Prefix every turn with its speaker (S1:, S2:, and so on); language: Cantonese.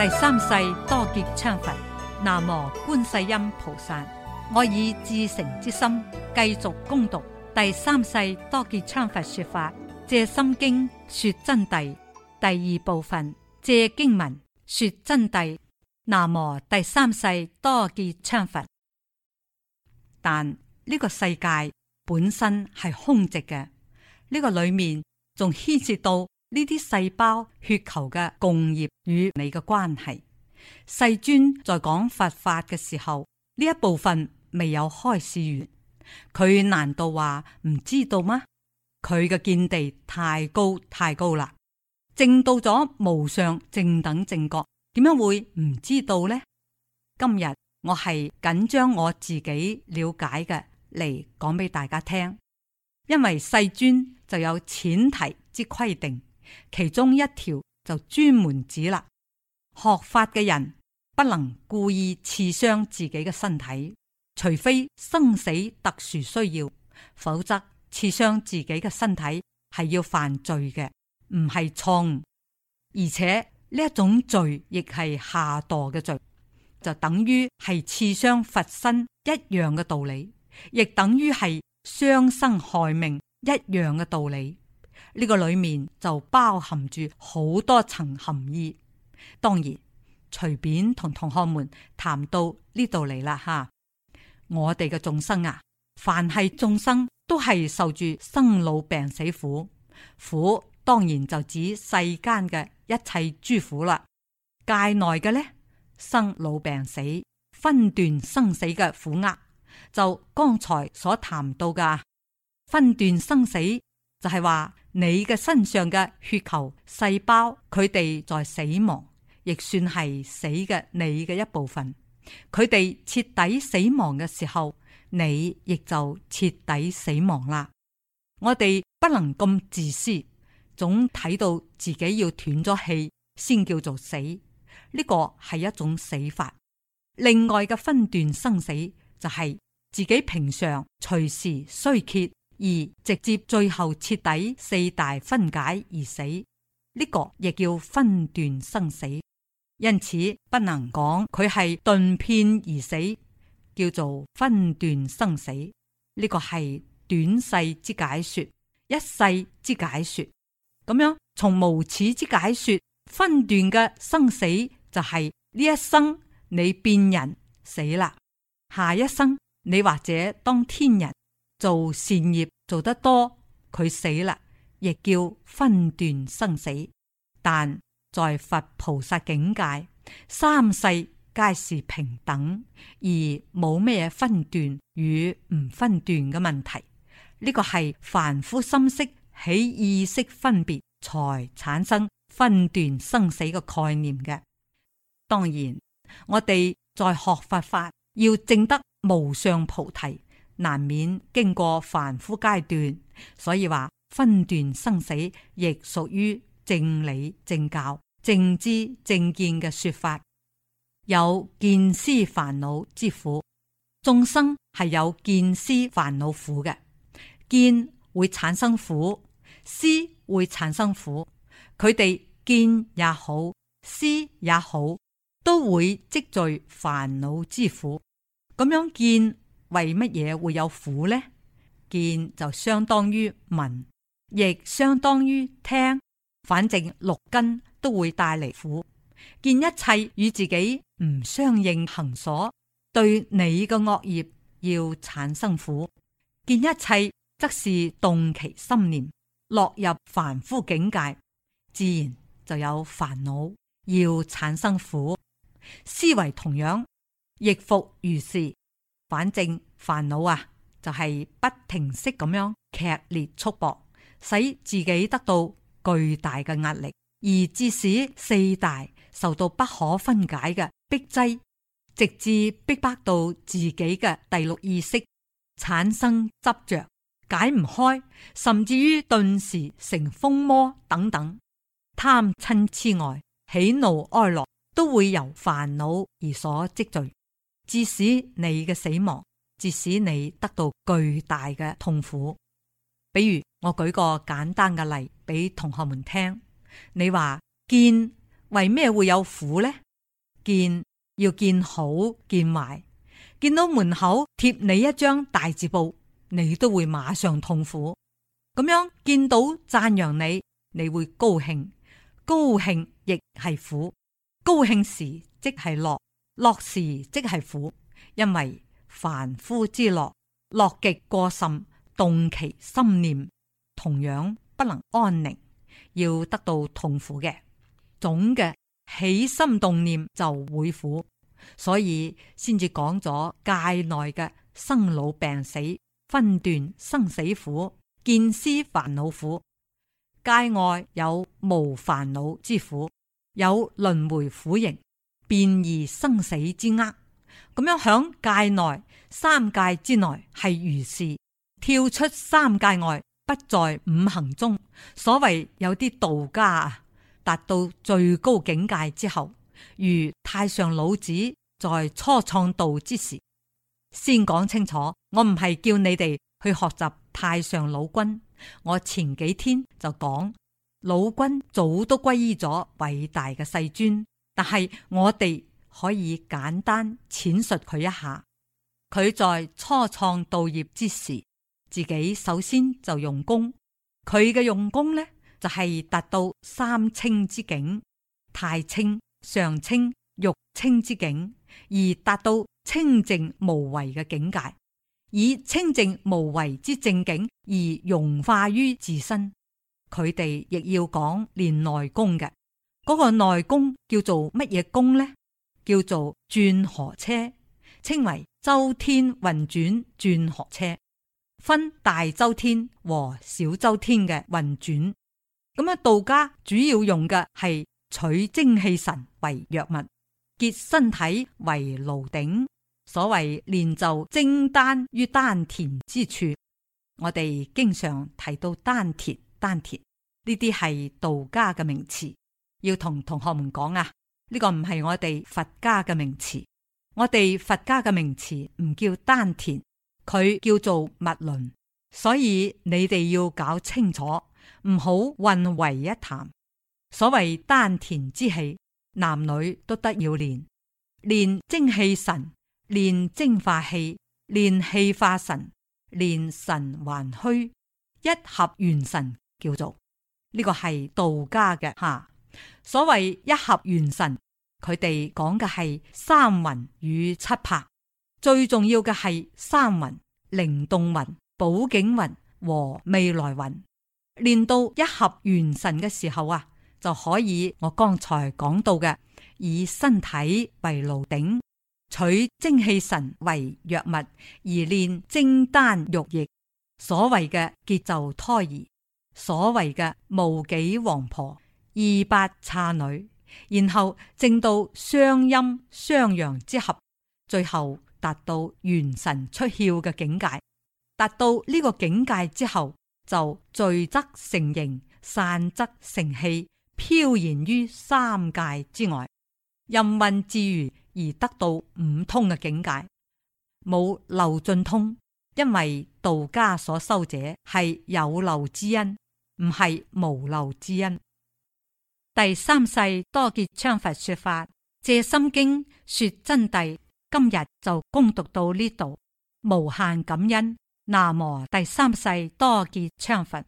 S1: 第三世多杰羌佛，南無觀世音菩薩。我以至誠之心繼續攻讀第三世多杰羌佛說法，借心經說真諦第二部分，借經文說真諦。南無第三世多杰羌佛。但呢個世界本身係空寂嘅，呢個裏面仲牽涉到。呢啲細胞血球嘅共業與你嘅關係，世尊在講佛法嘅時候，呢一部分未有開示完，佢難道話唔知道嗎？佢嘅見地太高太高啦，正到咗無上正等正覺，點樣會唔知道呢？今日我係緊將我自己了解嘅嚟講俾大家聽，因為世尊就有前提之規定。其中一條就專門指啦，學法嘅人不能故意刺傷自己嘅身體，除非生死特殊需要，否則刺傷自己嘅身體係要犯罪嘅，唔係錯誤。而且呢一種罪亦係下墮嘅罪，就等於係刺傷佛身一樣嘅道理，亦等於係傷生害命一樣嘅道理。呢個裏面就包含住好多層含義。當然，隨便同同學們談到呢度嚟啦，吓我哋嘅眾生啊，凡係眾生都係受住生老病死苦，苦當然就指世間嘅一切諸苦啦。界內嘅呢，生老病死，分段生死嘅苦厄，啊，就剛才所談到噶，分段生死。就係話你嘅身上嘅血球細胞，佢哋在死亡，亦算係死嘅你嘅一部分。佢哋徹底死亡嘅時候，你亦就徹底死亡啦。我哋不能咁自私，總睇到自己要斷咗氣先叫做死，呢個係一種死法。另外嘅分段生死就係自己平常隨時衰竭。而直接最後徹底四大分解而死，呢個亦叫分段生死，因此不能講佢係頓片而死，叫做分段生死。呢個係短世之解說，一世之解說，咁樣從無始之解說分段嘅生死就係呢一生你變人死啦，下一生你或者當天人。做善業做得多，佢死啦，亦叫分段生死。但在佛菩薩境界，三世皆是平等，而冇咩分段與唔分段嘅問題。呢個係凡夫心識起意識分別才產生分段生死嘅概念嘅。當然，我哋在學佛法，要證得無上菩提。難免經過凡夫階段，所以話分段生死亦屬於正理正教正知正見嘅說法。有見思煩惱之苦，眾生係有見思煩惱苦嘅。見會產生苦，思會產生苦。佢哋見也好，思也好，都會積聚煩惱之苦。咁樣見。為乜嘢會有苦呢？見就相當於聞，亦相當於聽，反正六根都會帶嚟苦。見一切與自己唔相應行所，對你嘅惡業要產生苦。見一切則是動其心念，落入凡夫境界，自然就有煩惱，要產生苦。思維同樣，亦復如是。反正煩惱啊，就係、是、不停息咁樣劇烈束縛，使自己得到巨大嘅壓力，而致使四大受到不可分解嘅逼擠，直至逼迫，迫到自己嘅第六意識產生執着解唔開，甚至於頓時成瘋魔等等，貪嗔癡愛喜怒哀樂都會由煩惱而所積聚。致使你嘅死亡，致使你得到巨大嘅痛苦，比如我舉個簡單嘅例俾同學們聽，你話見為咩會有苦呢？見要見好見壞，見到門口貼你一張大字報，你都會馬上痛苦。咁樣見到讚揚你，你會高興，高興亦係苦，高興時即係樂。樂時即係苦，因為凡夫之樂，樂極過甚，動其心念，同樣不能安寧，要得到痛苦嘅。總嘅起心動念就會苦，所以先至講咗界內嘅生老病死，分段生死苦，見思煩惱苦。界外有無煩惱之苦，有輪迴苦形，便而生死之厄，咁樣響界內三界之內係如是，跳出三界外不在五行中。所謂有啲道家達到最高境界之後，如太上老子在初創道之時，先講清楚。我唔係叫你哋去學習太上老君。我前幾天就講，老君早都歸依咗偉大嘅世尊。但係我哋可以簡單闡述佢一下，佢在初創道業之時，自己首先就用功。佢嘅用功呢，就係、是、達到三清之境，太清、上清、玉清之境，而達到清淨無為嘅境界，以清淨無為之正境而融化於自身。佢哋亦要講練內功嘅。嗰個內功叫做乜嘢功呢？叫做轉河車，稱為周天運轉轉河車，分大周天和小周天嘅運轉。咁呀道家主要用嘅係取精氣神為藥物，結身體為爐鼎，所謂煉就精丹於丹田之處。我哋經常提到丹田，丹田呢啲係道家嘅名詞。要同同學們講啊，呢、這個唔係我哋佛家嘅名詞，我哋佛家嘅名詞唔叫丹田，佢叫做脈輪，所以你哋要搞清楚，唔好混為一談。所謂丹田之氣，男女都得要練，練精氣神，練精化氣，練氣化神，練神還虛，一合元神，叫做呢、這個係道家嘅吓。所謂一合元神，佢哋講嘅係三魂與七魄，最重要嘅係三魂：靈動魂、寶景魂和未來魂。練到一合元神嘅時候啊，就可以我剛才講到嘅，以身體為爐鼎，取精氣神為藥物，而練精丹玉液。所謂嘅結就胎兒，所謂嘅無己黃婆。二八差女，然後正到雙陰雙陽之合，最後達到元神出竅嘅境界。達到呢個境界之後，就聚則成形，散則成氣，飄然於三界之外，任運自如而得到五通嘅境界。冇漏盡通，因為道家所修者係有漏之因，唔係無漏之因。第三世多杰羌佛說法，藉心經說真諦，今日就恭讀到呢度，無限感恩。南無第三世多杰羌佛。